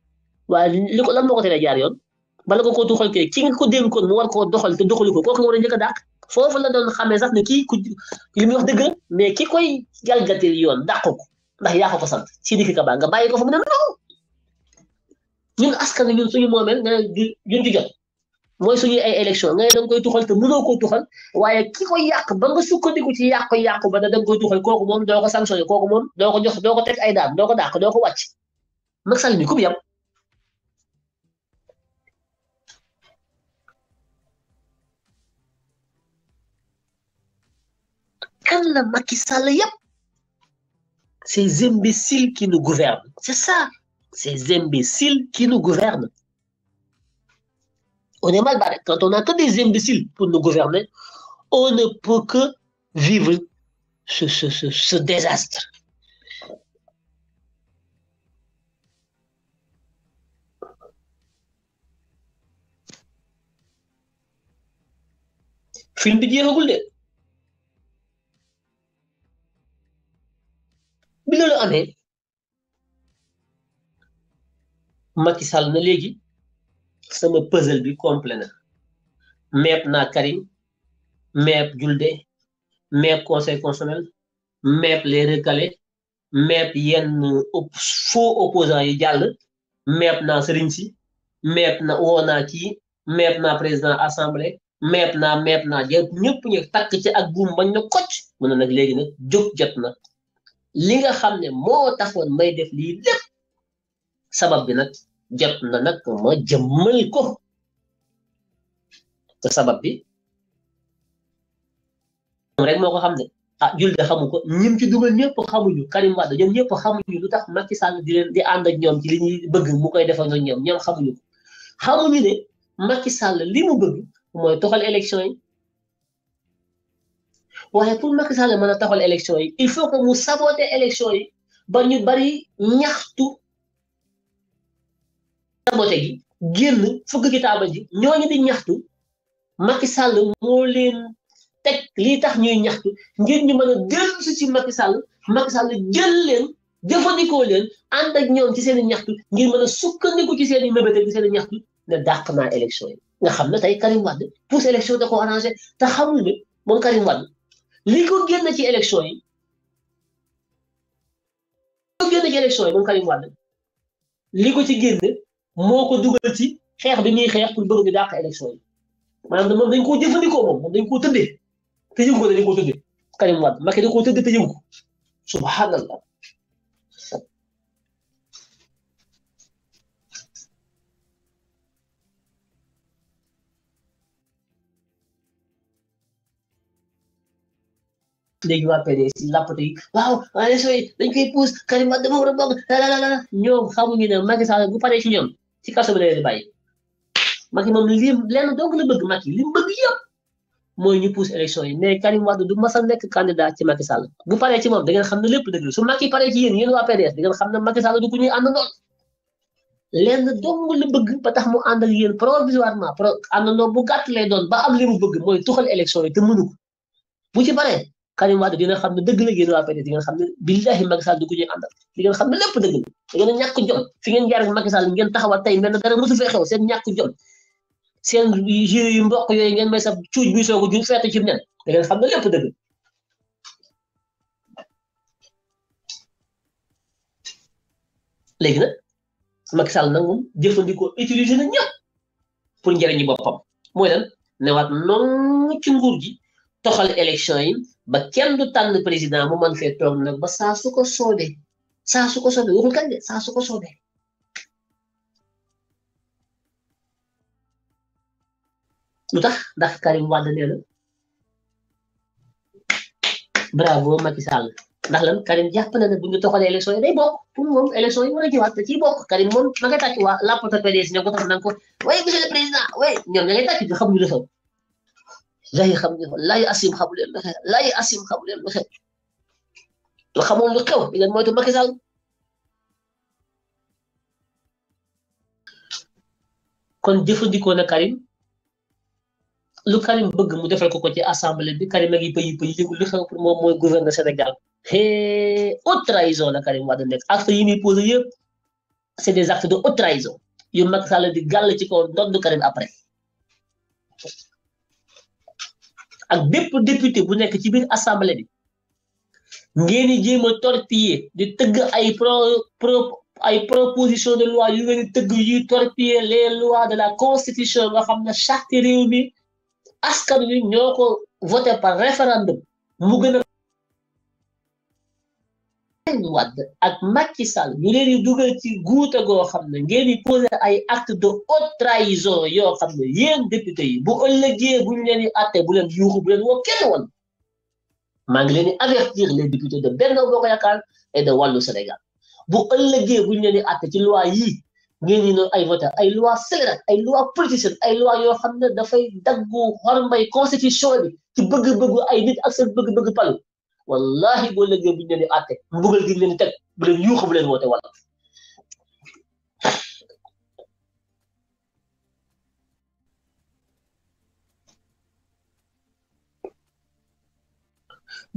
A: waaye li ko lan moo ko teree jaar yoon bala nga koo tuuxal kay ki nga ko dénkoon mu war koo doxal te doxalu ko kooku a njëkk a dàq foofu la doon xamee sax ne kii ku li wax dëgg mais ki koy jalgati yoon dàq ko ndax yaa ko ko sant Sidiki Kaba nga bàyyi ko fa mu ne non ñun askan ñun suñu moomeel nga ne duñ ci jot mooy suñuy ay élection nga ne da nga koy tuxal te mënoo koo tuxal waaye ki ko yàq ba nga sukkandiku ci yàqu-yàqu ba da nga koy tuxal kooku moom doo ko sanctionné kooku moom doo ko jox doo ko ay daan doo ko dàq doo ko wàcc Macky Sall ku mu C'est ces imbéciles qui nous gouvernent c'est ça ces imbéciles qui nous gouvernent on est mal barré quand on a tous des imbéciles pour nous gouverner on ne peut que vivre ce, ce, ce, désastre film bi bi loolu amee Macky Sall na léegi sama puzzle bi complet na meeb na Karim meeb Julde meeb conseil constitutionnel meeb les recalés meeb yenn faux opposants yi jàll meeb na sëriñ si meeb na woo naa kii meeb na président assemblée meeb na meeb naa ñëpp ñu takk ci ak buum bañ na kocc mu ne nag léegi nag jóg na li nga xam ne moo taxoon may def lii lépp sabab bi nag jot na nag ma jëmmal ko te sabab bi moom rek moo ko xam ne ah julde xamu ko ñim ci dugal ñëpp xamuñu Karim Wade ñoom ñëpp xamuñu lu tax Macky Sall di leen di ànd ñoom ci li ñuy bëgg mu koy defal ñoom ñoom xamuñu ko xamuñu ne Macky Sall li mu bëgg mooy toxal élection yi waaye pour Macky Sall mën a taxal élection yi il faut que mu sabote élection yi ba ñu bari ñaxtu sabote gi génn fukk ci taabal ji ñooñu di ñaxtu Macky Sall moo leen teg lii tax ñuy ñaxtu ngir ñu mën a dellusi ci Macky Sall Macky Sall jël leen jëfandikoo leen ànd ak ñoom ci seen i ñaxtu ngir mën a sukkandiku ci seen i mébét ci seen i ñaxtu ne dàq naa élection yi nga xam ne tey Karim Wade pousse élection da ko arrangé te xamul ne moom Karim Wade li ko génn ci élection yi li ko génn ci élection yi moom Karim Wade li ko ci génn moo ko dugal ci xeex bi muy xeex pour bëgg daax dàq élection yi maanaam moom dañ koo jëfandikoo moom dañ koo tëddee te yëngu ko dañ ko tëddee Karim Wade Macky dañ koo tëddee te yëngu léegi waa PDS làppatu yi waaw élection yi dañ koy puus Karim Wade moom rek bokk lalala ñoom xamuñu ne Macky Sall bu paree ci ñoom ci kaso bi la leen bàyyi Macky moom li lenn dong la bëgg Macky li mu bëgg yëpp mooy ñu puus élection yi mais Karim Wade du mas a nekk candidat ci Macky Sall bu paree ci moom da ngeen xam ne lépp dëgg la su Macky paree ci yéen yéen waa PDS da ngeen xam ne Macky Sall du ku ñuy ànd noonu lenn dong la bëgg ba tax mu àndal yéen provisoirement pro àndandoo bu gàtt lay doon ba am li mu bëgg mooy tuxal élection yi te mënu ko bu ci paree kalimaat di ngeen xamne deug dëgg la yéen waa PDS di ngeen xam billahi Macky Sall du ko ñuy andal di nga xamne lepp deug la da ngeen ñak jom fi ngeen jaar ak Macky Sall ngeen taxawal tay mel na dara mësu fe xew seen ñak jom seen jiru yu mbokk yoy ngeen may sa ciuj bi soogu jul fete ci ñen da ngeen xamne lepp deug legui léegi nag Macky Sall nag moom utiliser na ñëpp pour njëriñu bopam moy lan newaat noonu ci nguur ji toxal élection yi ba kenn du tànn président mu man fee toog nag ba saa su ko soobee saa su ko soobee waxul kan de saa su ko soobee lu tax ndax Karim Wade nee na bravo Macky Sall ndax lan Karim jàpp na ne bu ñu toxalee élection yi day bokk pour moom élection yi war a jiwaat da ciy bokk Karim moom ma ngay tàcc waa la porte PDS ñoo ko tax na ko waaye monsieur le président waaye ñoom ña ngay tàcc xam ñu xew lay xam ne lay asim xamu leen lu xew lay asim xamu leen lu xew lu xamoon lu xew di leen moytu Macky Sall kon jëfandikoo na Karim lu Karim bëgg mu defal ko ko ci assemblée bi Karim a ngi pëyi pëyi yëgul lu xew pour moom mooy gouverneur Sénégal hee haute trahison la Karim Wade nekk acte yi muy posé yëpp c'est des actes de haute trahison yu Macky Sall di gàll ci kaw ndoddu Karim après ak bépp député bu nekk ci biir assemblée bi ngeen di jéem a torpiller di tëgg ay pro ay proposition de loi yu ngeen di tëgg yuy torpiller les lois de la constitution nga xam ne charte réew mi askan wi ñoo ko voté par référendum mu gën Wade ak Macky Sall ñu leen di dugal ci guuta goo xam ne ngeen di poser ay acte de haute trahison yoo xam ne yéen député yi bu ëllëgee bu ñu leen di àtte bu leen yuuxu bu leen woo kenn woon maa ngi leen di avertir les députés de Benno Bokk Yaakaar et de Wàllu Sénégal bu ëllëgee bu ñu leen di àtte ci loi yi ngeen di ay voté ay loi scélérate ay loi politicienne ay loi yoo xam ne dafay daggu xormbay constitution bi ci bëgg bëgg ay nit ak seen bëgg-bëgg wallahi boo lëggee bu ñu leen di àtte mbugal gi leen di teg bu leen yuuxu bu leen woote wala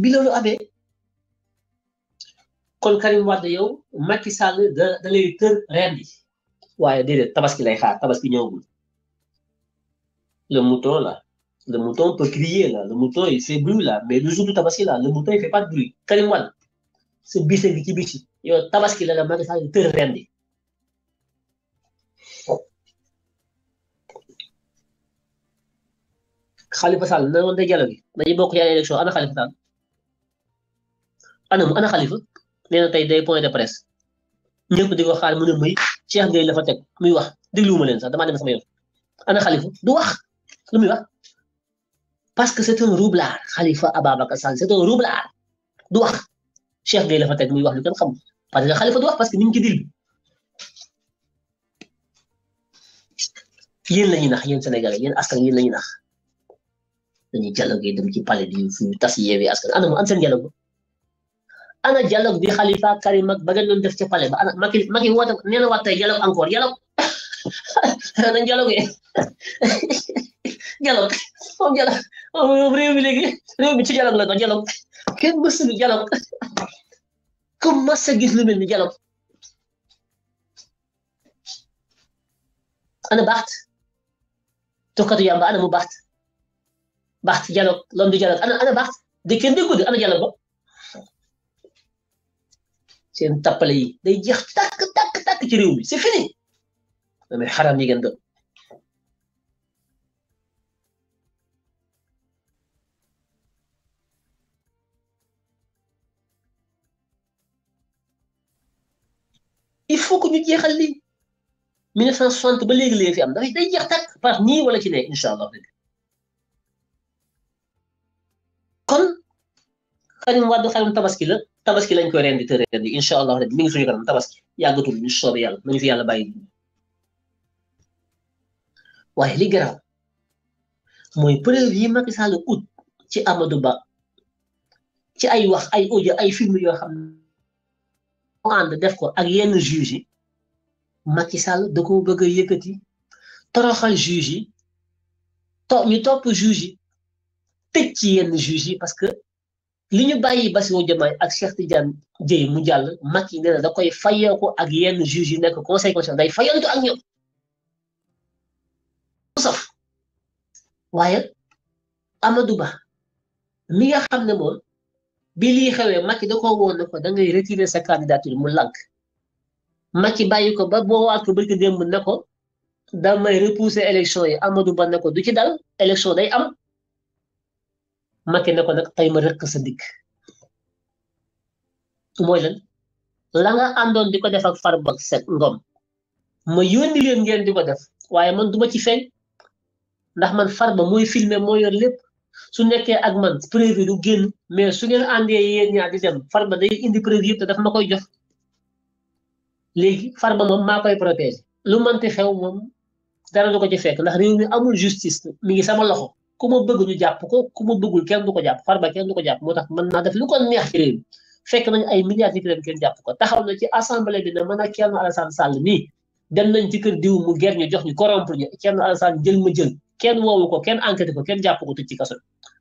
A: bi loolu amee kon Karim Wade yow Macky Sall da da lay tër reen bi waaye déedéet tabaski lay xaar tabaski ñëwagul le mouton la Le mouton peut crier, là. Le mouton, il fait bruit, là. Mais le jour du tabaski, là, le mouton, il fait pas de bruit. Karimwan. C'est bisi qui bisi. Yo, tabaski, là, la main, ça, il te rende. Khalifa Sall, na de dialogue. Dañuy bokk yaay élection. Ana Khalifa Sall. Ana ana Khalifa. Nee na tey day point de presse. ñëpp di ko xaar mu ne may Cheikh Gueye la fa teg muy wax dégluwuma leen sax damaa dem sama yoon ana Khalifa du wax lu muy wax parce que c'est un roublard Khalifa Ababacar Sall c'est lafa roublard du wax Cheikh Gueye la fa teg muy wax lu kenn xam parce que Khalifa du wax parce que ni mu ci dil bi yéen la ñuy nax yéen Sénégalais yéen askan yéen la ñuy nax dañuy dialogue dem ci palais bi fu ñu tas yeewee askan ana mu am seen dialogue ana dialogue bi Khalifa Karim ak ba ngeen doon def ca palais ba ana Macky Macky woote nee na waat tey dialogue encore dialogue nañ dialogue dialogue moom dialogue moom réew mi léegi réew mi ci dialogue la ko dialogue kenn mësul dialogue comme mas gis lu mel ni dialogue ana Barth tokkatu yàmba ana mu Barth Barth dialogue l'homme du dialogue ana ana Barth de kenn déggu de ana dialogue ba seen tappale yi day jeex tàkk tàkk ci réew mi c'est fini damay xaram yi ngeen doon il faut que ñu jeexal lii 1960 ba léegi léegi fi am dafay day jeex tàkk par nii wala ci ne incha allah kon Karim Wade xarum la tabaski lañ koy rendi te rendi mi ngi suñu kanam tabaski yàggatul ñu soobee yàlla nañu fi yàlla bàyyi waaye li garaaw mooy preuve yi Macky Sall ut ci Amadou Ba ci ay wax ay audio ay film yoo xam ànd def ko ak yenn juge yi da ko bëgg a yëkkati toroxal juge yi to ñu topp juge yi tëj ci yenn juge yi parce que li ñu bàyyi Bassirou Diomaye ak Cheikh Tidiane Dièye mu jàll Macky nee na da koy fayoo ko ak yenn juge yi nekk conseil constitutionnel day fayantu ak ñoom saf waaye Amadou Ba mi nga xam ne moom bi lii xewee Macky da koo woon ne ko da ngay retirer sa candidature mu lànk Macky bàyyi ko ba boo waat ko barki démb ne ko damay repousser élection yi Amadou Ba ko du ci dal élection day am Macky ne ko nag tey ma rëkk sa dikk mooy lan la nga àndoon di ko def ak Farba Seck Ngom ma yónni leen ngeen di ko def waaye man duma ci feeñ ndax man Farba mooy filmer moo yor lépp. su nekkee ak man preuve du génn mais su ngeen àndee yéen ñaar di dem farba day indi preuve yëpp daf ma koy jox léegi farba moom maa koy protéger lu mënti xew moom dara du ko ci fekk ndax réew mi amul justice mi ngi sama loxo ku ma ñu jàpp ko ku ma bëggul kenn du ko jàpp farba kenn du ko jàpp moo tax mën naa def ko neex ci nañ ay milliards ci kenn jàpp ko taxaw na ci assemblée bi ne mën a kenn Alassane Sall nii dem nañ ci kër diw mu ger ñu jox ñu corrompre ñu kenn Alassane jël ma jël kenn woowu ko kenn enquête ko kenn jàpp ko tëj ci kaso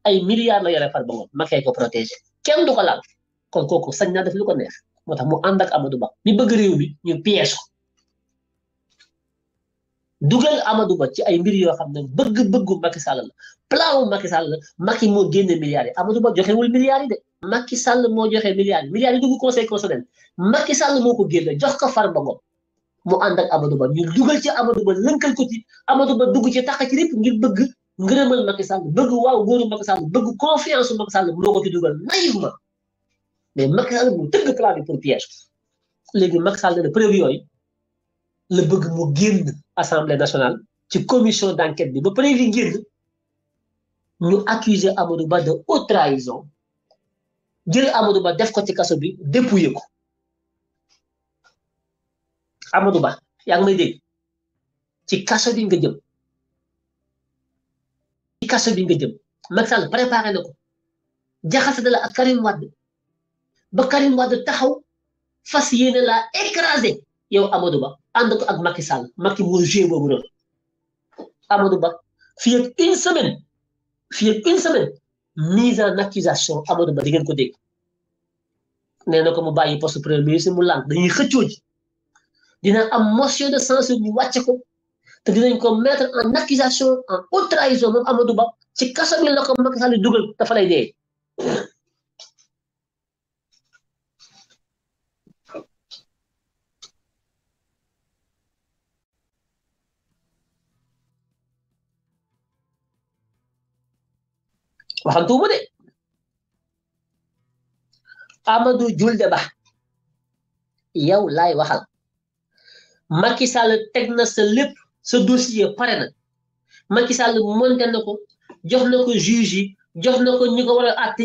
A: ay milliards la yore far ba ngoon makee ko protégé kenn du ko laal kon kooku sañ naa def lu ko neex moo tax mu ànd ak Amadou Ba mi bëgg réew mi ñu piège ko dugal Amadou Ba ci ay mbir yoo xam ne bëgg-bëggu Macky Sall la plan wu Macky Sall la Macky moo génne milliards yi Amadou Ba joxewul milliards yi de Macky Sall moo joxe milliards yi milliards yi dugg conseil constitutionnel Macky Sall moo ko génne jox ko far ba ngoon mu ànd Amadou Ba ñu dugal ci Amadou Ba lënkal ko ci Amadou Ba dugg ci tax ci rip ngir bëgg ngërëmal Macky Sall bëgg waaw góoru Macky bëgg confiance Macky Sall moo ko ci dugal naïvement mais Macky Sall tëgg plan bi pour piège léegi Macky Sall ne preuve yooyu la bëgg mu génn assemblée nationale ci commission d' enquête bi ba preuve yi génn ñu accuser Amadou Ba de haute trahison jël Amadou Ba def ko ci kaso bi dépouillé ko. Amadou Ba yaa ngi may dégg ci kaso bi nga jëm ci kaso bi nga jëm Macky Sall préparé na ko jaxase na la ak Karim ba Karim Wade taxaw fas yéene laa écrasé yow Amadou Ba ànd ko ak Macky Sall Macky moo joué boobu noonu Ba fii ak une semaine fii ak une semaine mise en accusation Amadou Ba di ngeen ko dégg nee na ko mu bàyyi poste premier ministre mu lànk dañuy xëccoo ji. dina am motion de censure ñu wàcce ko te dinañ ko mettre en accusation en haute Ba ci kaso bi la ko Macky Sall dugal dafa lay dee waxantuuma de Amadou Julde Ba yow laay waxal Macky Sall teg na sa lepp sa dossier pare na Macky Sall monte nako jox nako juge yi jox na ko ko war a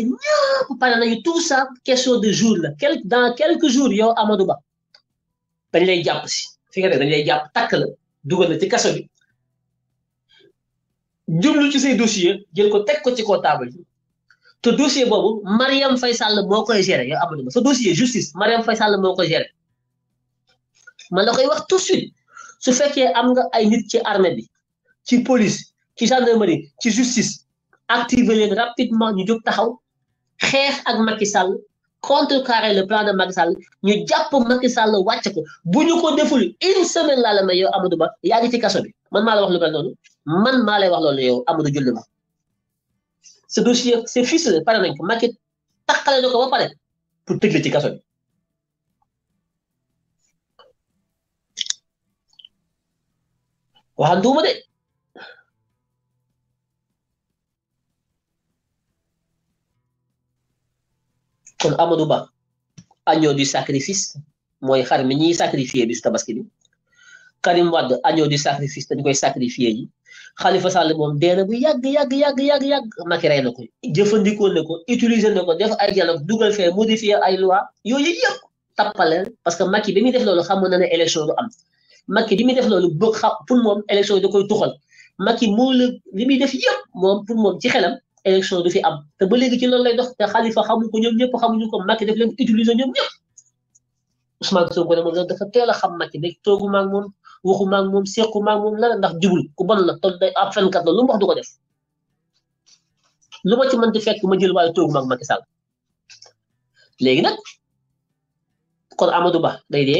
A: ñëpp tout ça question de jour la quel dans quelques jours yo Amadou Ba dañ lay japp si fi nga ne dañ lay japp tak la duggal na ci kasso bi djumlu ci say dossier jël ko tek ko ci kaw table yi te dossier bobu Mariam Faye Sall moo koy gérer yow Amadou Ba sa dossier justice Mariam Faye Sall moo gérer man la koy wax tout de suite su fekkee am nga ay nit ci armée bi ci police ci gendarmerie ci justice activer leen rapidement ñu jóg taxaw xeex ak Macky Sall contrecarrer le plan de Macky Sall ñu jàpp Macky Sall wàcc ko bu ñu ko deful une semaine laa la may yow Amadou Ba yaa ngi ci kaso bi man maa la wax lu mel noonu man maa lay wax loolu yow Amadou Julli ma ce dossier c'est fils pare nañ ko Macky takkale na ko ba pare pour tëj ci kaso bi. وهندومه دي kon Amadou Ba agneau di sacrifice mooy xar mi ñuy sacrifié bisu tabaski bi Karim Wade agneau du sacrifice dañ koy sacrifié yi Khalifa Sall moom deena bu yàgg yàgg yàgg yàgg yàgg Macky na ko jëfandikoo ne ko utiliser ne ko def ay dialogue dugal fee modifier ay loi yooyu yëpp tappaleel parce que Macky bi muy def loolu xamoon na ne élection du am Macky limi def loolu bu xa pour mom élection da koy tukhal Macky mo le limi def yeb mom pour mom ci xelam élection du fi am te ba léegi ci loolu lay dox te Khalifa xamu ko ñom ñep ñëpp ñu ko Macky def leen utiliser ñom ñep Ousmane Sonko ne moom sax dafa teel xam Macky nek togu mak mom waxu mak mom sequ mak mom la ndax jubul ku bon la toll day ab fenkat la lu mu wax du ko def lu ma ci mën di fekk ma jël waaye togu mak Macky Sall léegi nak kon Amadou Ba day de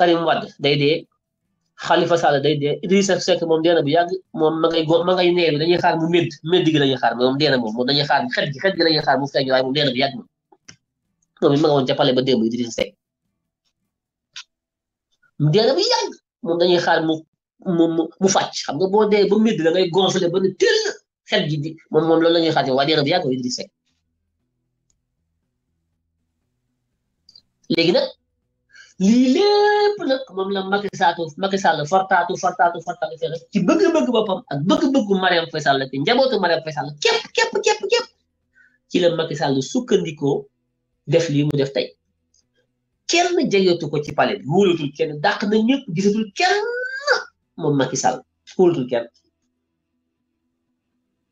A: Karim Wade day dee Khalifa Sall day dee Idrissa Seck moom dee na bu yàgg moom ma ngay go ma ngay dañuy xaar mu médd médd gi lañuy xaar moom dee na moom moom dañuy xaar xet gi xet gi lañuy xaar mu feeñ waaye moom dee na bu yàgg moom moom dañuy xaar mu mu mu fàcc xam nga boo dee ba médd da ngay gonflé ba ne tëll xet gi di moom moom lool la ñuy xaar waaye dee na bu yàgg Idrissa Seck léegi nag li lepp nak mom la Macky Sall Macky Sall fartaatu fartaatu fartaatu fee rek ci bëgg-bëgg bopam ak bëgg bëgg ah, Mariam Faye Sall ci njabootu Mariam Faye Sall kep kep kep képp ci la Macky Sall sukkandiko def li mu def tay kenn jegeetu ko ci palais bi kenn dàq na ñepp gisatul kenn mom Macky Sall wóolatul kenn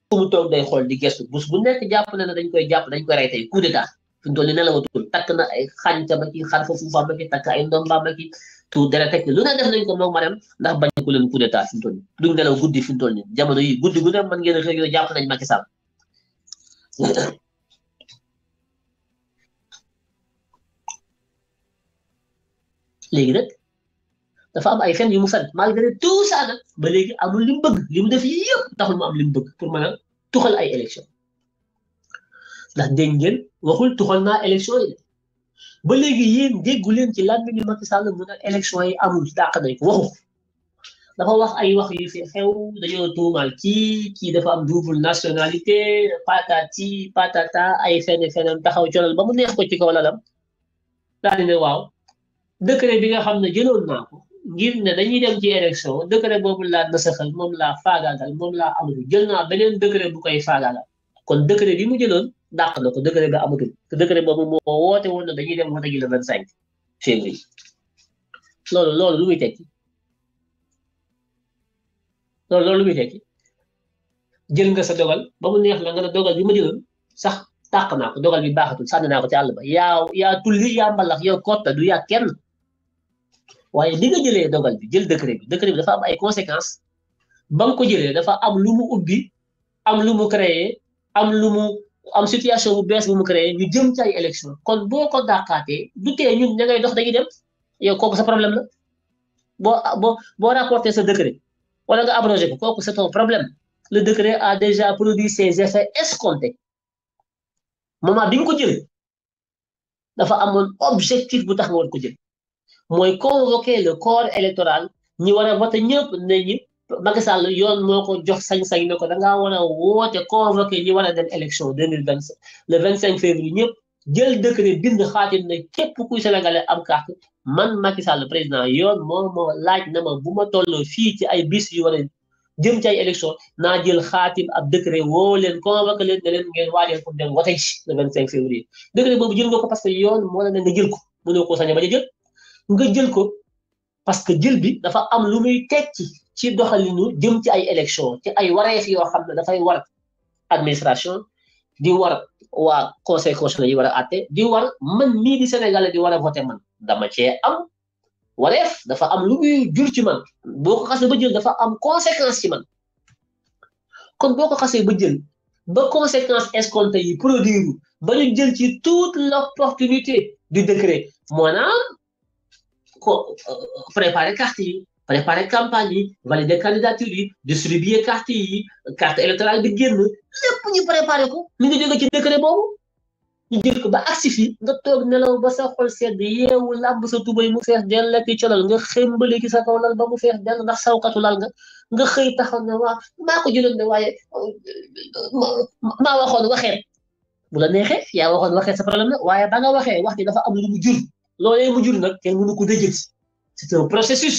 A: ko mu tok day xol di gestu bus bu nekk japp na dañ koy japp dañ koy ray tay coup d'état fi mu toll nii nelawatul takk na ay xànca ba ci xarfa fuufa ba ci takk ay ndomba ba ci tuur dara teg lu ne def nañ ko moom Marème ndax bañ ko leen coup d'état fi mu toll nii duñ fi mu toll nii jamono yi guddi gu ne mën ngeen a xëy yoo jàpp nañ léegi nag dafa am ay fen yu mu maa malgré tout ça nag ba léegi amul li mu bëgg li mu def yëpp taxul mu am li mu bëgg pour mën ay élection ndax dégg waxul tuxal na élection yi ba léegi yéen déggu leen ci lan ñu Macky Sall mu ne élection yi amul dàq nañ ko waxu dafa wax ay wax yu fi xew dañoo tuumaal kii kii dafa am double nationalité patati patata ay fenn feneen taxaw colal ba mu neex ko ci kaw lalam daal di waaw décret bi nga xam ne jëloon naa ngir ne dañuy dem ci élection décret boobu laa nasaxal moom laa faagaagal moom laa amul jël naa beneen décret bu koy faagaagal kon décret bi mu jëloon dàq na ko décret ba amatul te décret boobu moo woote woon na dañuy dem vote ji le vingt cinq février loolu loolu lu muy tekki loolu loolu lu muy tekki jël nga sa dogal ba neex la nga ne dogal bi ma jëloon sax tàq naa ko dogal bi baaxatul naa ko ci àll ba yaa yaa tulli yaa mbalax yow kotta du yaa kenn waaye li nga jëlee dogal bi jël décret bi bi dafa am ay conséquences ba nga ko jëlee dafa am lu mu ubbi am lu mu créé am lu mu am situation bu bees bu mu créé ñu jëm ci ay élection kon boo ko dàqaatee du tee ñun ña ngay dox dañuy dem yow kooku sa problème la boo boo boo sa décret wala nga abrogé ko kooku sa ton problème le décret a déjà produit ses sa escomptés moment bi ko jël dafa amoon objectif bu tax nga ko jël mooy convoquer le corps électoral ñi war a voté ñëpp nañu Macky Sall yoon moo ko jox sañ-sañ ne ko da ngaa a woote convoqué ñi war a dem élection deux mille vingt cinq le vingt cinq février ñëpp jël décret bind xaatim ne képp kuy sénégalais am carte man Macky Sall président yoon moo moo laaj na ma bu ma tolloo fii ci ay bis yu war a jëm ci ay élection naa jël xaatim ab décret woo leen convoqué leen ne leen ngeen pour dem wote ci le vingt cinq février décret boobu jël nga ko parce que yoon moo la nga jël ko mënoo koo a a jël nga jël ko parce que jël bi dafa am lu muy tekki. ci doxalinu jëm ci ay élection ci ay wareef yoo xam ne dafay war administration di war waa conséquence constitutionnel yi war a àtte di war man mii di Sénégalais di war a voté man dama cee am wareef dafa am lu muy jur ci man boo ko xasee ba jël dafa am conséquence ci man kon boo ko xasee ba jël ba conséquence escompté yi produire ba ñu jël ci toute l'opportunité du décret moo naam ko euh, préparer préparer campagne yi valider candidature yi distribuer carte yi carte électorale bi génn lépp ñu préparer ko mi ngi jóge ci décret boobu ñu jël ko ba agsi fii nga toog nelaw ba sa xol sedd yeewu làmb sa tubay mu fees dell lekk colal nga xëmbale ki sa kaw lal ba mu fees dell ndax sawkatu lal nga nga xëy taxaw ne waa maa ko jëloon de waaye maa waxoon waxeet bu la neexee yaa waxoon waxeet sa problème la waaye ba nga waxee wax ji dafa am lu mu jur loolee mu jur nag kenn mënu ko dëjël c'est un processus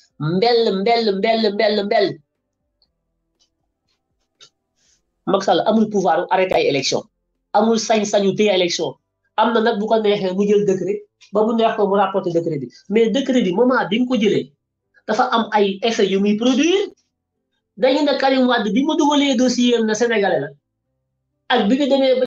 A: mbell mbell mbell mbell mbell Macky Sall amul pouvoir arrêté ay élection amul sañ-sañu téye élection am na nag bu ko neexee mu jël décret ba mu neex ko mu rapporté décret bi mais décret bi moment bi nga ko jëlee dafa am ay effet yu muy produire dañu ne Karim Wade bi mu dugalee dossier am na Sénégalais la bi ñu demee